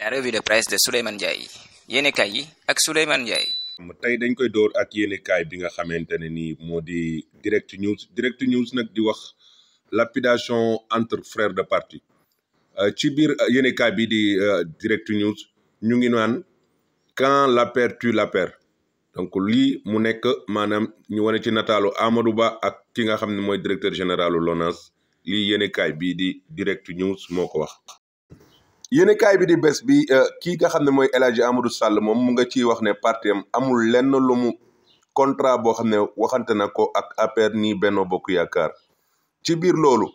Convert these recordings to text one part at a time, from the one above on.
la revue de presse de Souleymane Ndiaye yéenekaay yi ak Souleymane Ndiaye. tey dañ koy door ak yéenekaay bi nga xamante ne nii moo di direct news direct news nag di wax lapidation entre frères de parti euh, ci biir euh, yéenekaay bi di euh, direct news ñu ngi naan quand l'APR tue l'APR donc lii mu nekk maanaam ñu wane ci nataalu Amadou Ba ak ki nga xam ne mooy directeur général LONASE lii yéenekaay bii di direct news moo ko wax. yéen bi di bés bi euh, kii nga xam ne mooy El Amadou Sall moom mu nga ciy wax ne parti am amul lenn lu mu contrat boo xam ne waxante na ko ak APR nii Benno Bokk Yaakaar ci biir loolu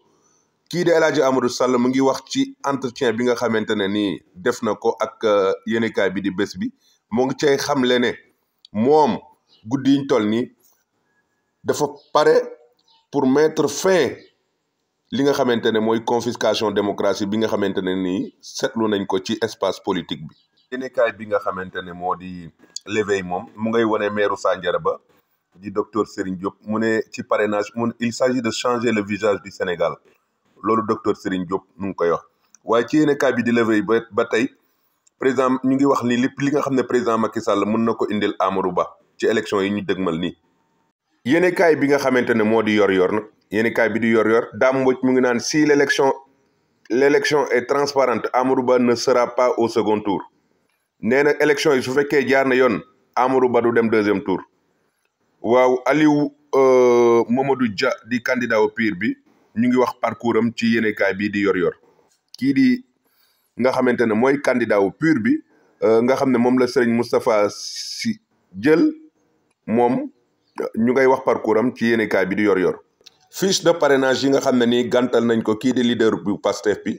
kii di El Amadou Sall mu ngi wax ci entretien bi nga xamante ne nii def na ko ak euh, yéen bi di bés bi mu ngi xam le ne moom guddi yiñ toll nii dafa pare pour mettre fin. li nga xamante ne mooy confiscation démocratie bi nga xamante ne nii seetlu nañ ko ci espace politique bi. yéenekaay bi nga xamante ne moo di l'éveil moom mu ngay wone meeru ba di docteur Serigne Diop mu ne ci parrainage mun ne il s'agit de changer le visage du Sénégal loolu docteur Serigne Diop mu ngi koy wax waaye ci yéenekaay bi di l'éveil ba ba tey président ñu ngi wax ni lépp li nga xam ne président Macky Sall mën na ko indil Amadou Ba ci élection yi ñu dëgmal nii. yéenekaay bi nga xamante ne moo di yor-yor nag. yéeni kaay bi di yor yor Dame Mbodj mu ngi naan si l'élection l'élection est transparente Amadou Ba ne sera pas au second tour nee na élection yi su fekkee jaar na yoon Amadou Ba du dem deuxième tour waaw Aliou euh, Mamadou Dia di candidat au pire bi ñu ngi wax parcours am ci yéene bii di yor yor kii di nga xamante ne mooy candidat au pur bi euh, nga xam ne moom la sëriñ Moustapha si jël moom ñu ngay wax parcours am ci yéene kaay bi di yor yor fiche de parrainage yi nga xam ne nii gàntal nañ ko kii di leader bu Pastef bi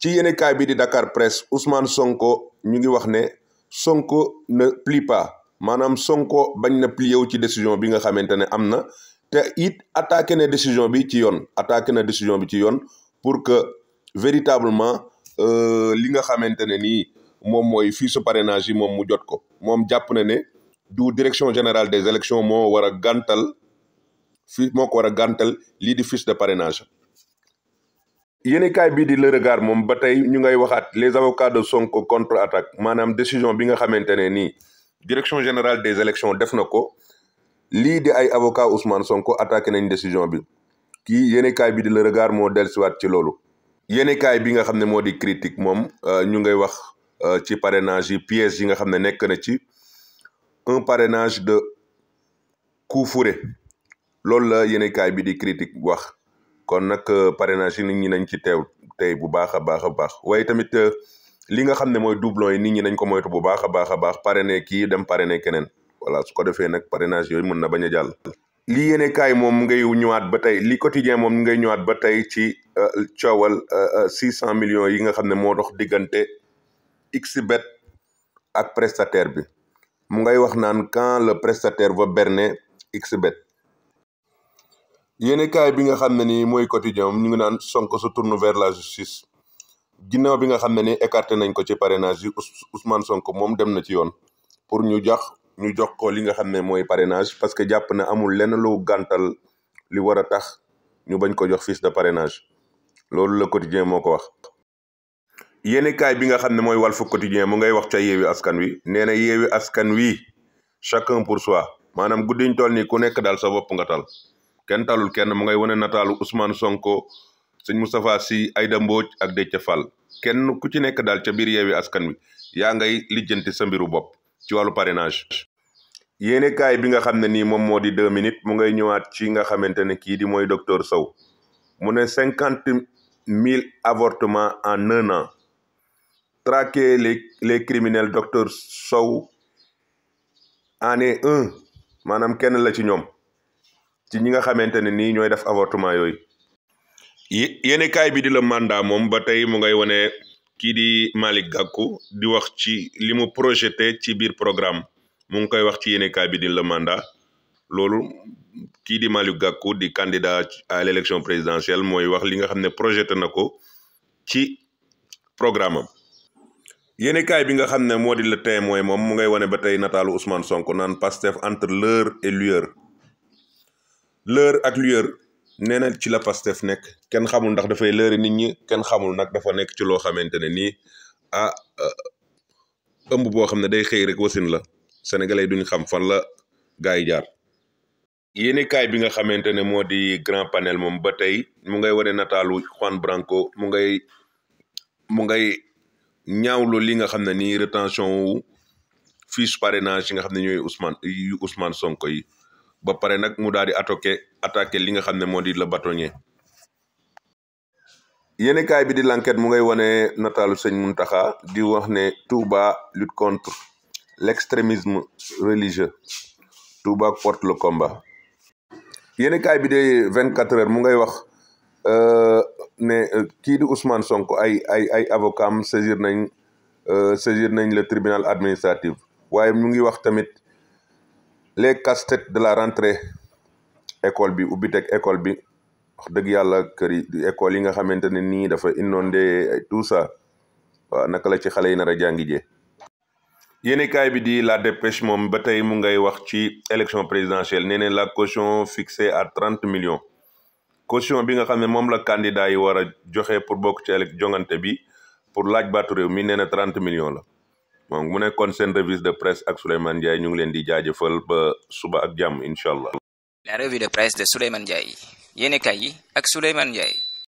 ci yéenekaay bi di Dakar Presse Ousmane Sonko ñu ngi wax ne Sonko ne plie pas maanaam Sonko bañ na plié wu ci décision bi nga xamante ne am na te it attaqué na décision bi ci yoon attaqué na décision bi ci yoon pour que véritablement euh, li nga xamante ne nii moom mooy fii su parrainage yi moom mu jot ko moom jàpp na ne du direction générale des élections moo war a gàntal fii moo ko war a gantal lii di fiche de parrainage yenekaay bii di Le Regard moom ba tey ñu ngay waxaat les avocats de Sonko contre attaque maanaam décision bi nga xamante ne nii direction générale des élections def na ko lii di ay avocats Ousmane Sonko attaqué nañ décision bi kii yenekaay bii di Le Regard moo dellusiwaat ci loolu yéenekaay bi nga xam ne moo di critique moom euh, ñu ngay wax euh, ci parrainage yi pièces yi nga xam ne nekk na ci un parrainage de coup fourré loolu la yéenekaay bi di critique wax kon nag euh, parrainage yi nit ñi nañ ci teew tey bu baax a baax a baax waaye tamit euh, li nga xam ne mooy doublon yi nit ñi nañ ko moytu bu baax a baax a baax parrainé kii dem parrainé keneen voilà su ko defee nag parrainage yooyu mën na bañ a jàll. li yéenekaay moom ngay ñëwaat ba tey li quotidien moom ngay ñëwaat ba tey ci euh, coowal six cent millions yi nga xam ne moo dox diggante xbet ak prestataire bi mu ngay wax naan quand le prestateur va berner xbet yéenekaay bi nga xam ne nii mooy quotidien ñu ngi naan Sonko su tourne vers la justice ginnaaw bi nga xam ne ni écarté nañ ko ci parrainage yi Ousmane Sonko moom dem na ci yoon pour ñu jox ñu jox ko li nga xam ne mooy parrainage parce que jàpp ne amul lenn lu gantal li war a tax ñu bañ ko jox fiche de parrainage loolu la quotidien moo ko wax. yéenekaay bi nga xam ne mooy Walf Quotidien mu ngay wax ca yeewi askan wi nee na yeewi askan wi chacun pour soi maanaam guddiñ toll nii ku nekk daal sa bopp nga tal. kenn talul kenn mu ngay wane nataalu Ousmane Sonko sëñ si ay Aïda Mbodj ak Déthié Fall kenn ku ci nekk daal ca biir yeewi askan wi yaa ngay lijjanti sa mbiru bopp ci wàllu parrainage. yéene kaay bi nga xam ne nii moom moo di deux minutes mu ngay ñëwaat ci nga xamante ne kii di mooy docteur Sow mu ne cinquante mille avortements en un an traquer les les criminels docteur Sow en un maanaam kenn la ci ñoom. ci ñi nga xamante ne ni ñooy def avortement yooyu. yéene kaay bi di la mandat moom ba tey mu ngay wane kii di Malick di wax ci li mu projeté ci biir programme mu ngi koy wax ci yéene kaay bi di la mandat loolu kii di Malick Gakou di candidat à l' présidentielle mooy wax li nga xam ne projeté na ko ci programme am. yéene kaay bi nga xam ne moo di le Témoin mooy moom mu ngay wane ba tey nataalu Ousmane Sonko naan Pastef entre l'heure et l'heure lër ak lueur nee na ci la Pastef nekk kenn xamul ndax dafay lëri nit ñi kenn xamul nag dafa nekk ci loo xamante ne nii ah, ah ëmb boo xam ne day xëy rek wasin la sénégalais duñ xam fan la gars yi jaar. yéene kaay bi nga xamante ne moo di grand panel moom ba tey mu ngay wane nataalu Juan Branco mu ngay mu ngay ñaawlu li nga xam ne nii rétention wu fiche parrainage yi nga xam ne ñooy Ousmane Ousmane Sonko yi. ba pare nag mu daal di attaqué attaqué li nga xam ne moo di le bâtonnier yéenekaay bi di l'enquête mu ngay wane nataalu sëñ taxa di wax ne Touba lutte contre l'extrémisme religieux Touba porte le combat yéenekaay bi di 24 heures mu ngay wax euh, ne euh, kii di Ousmane Sonko ay ay ay avocat am saisir nañ euh, saisir nañ le tribunal administratif waaye mu ngi wax tamit les casse-têtes de la rentrée école bi ubbi teg école bi wax dëgg yàlla kër yi école yi nga xamante ne nii dafa inondé tout ça waaw naka la ci xale yi nar a jàngi jee yéenekaay bi di la dépêche moom ba tey mu ngay wax ci élection présidentielle nee ne la caution fixée à trente millions caution bi nga xam ne moom la candidat yi war a joxe pour bokk ci élec jongante bi pour laaj baatu réew mi nee na trente millions la moom mu nekkoon seen de presse ak Souleymane Ndiaye ñu ngi leen di jaajëfal ba suba ak jàmm incha allah. la revue de presse de Souleymane Ndiaye yéenekaay yi ak Souleymane Ndiaye.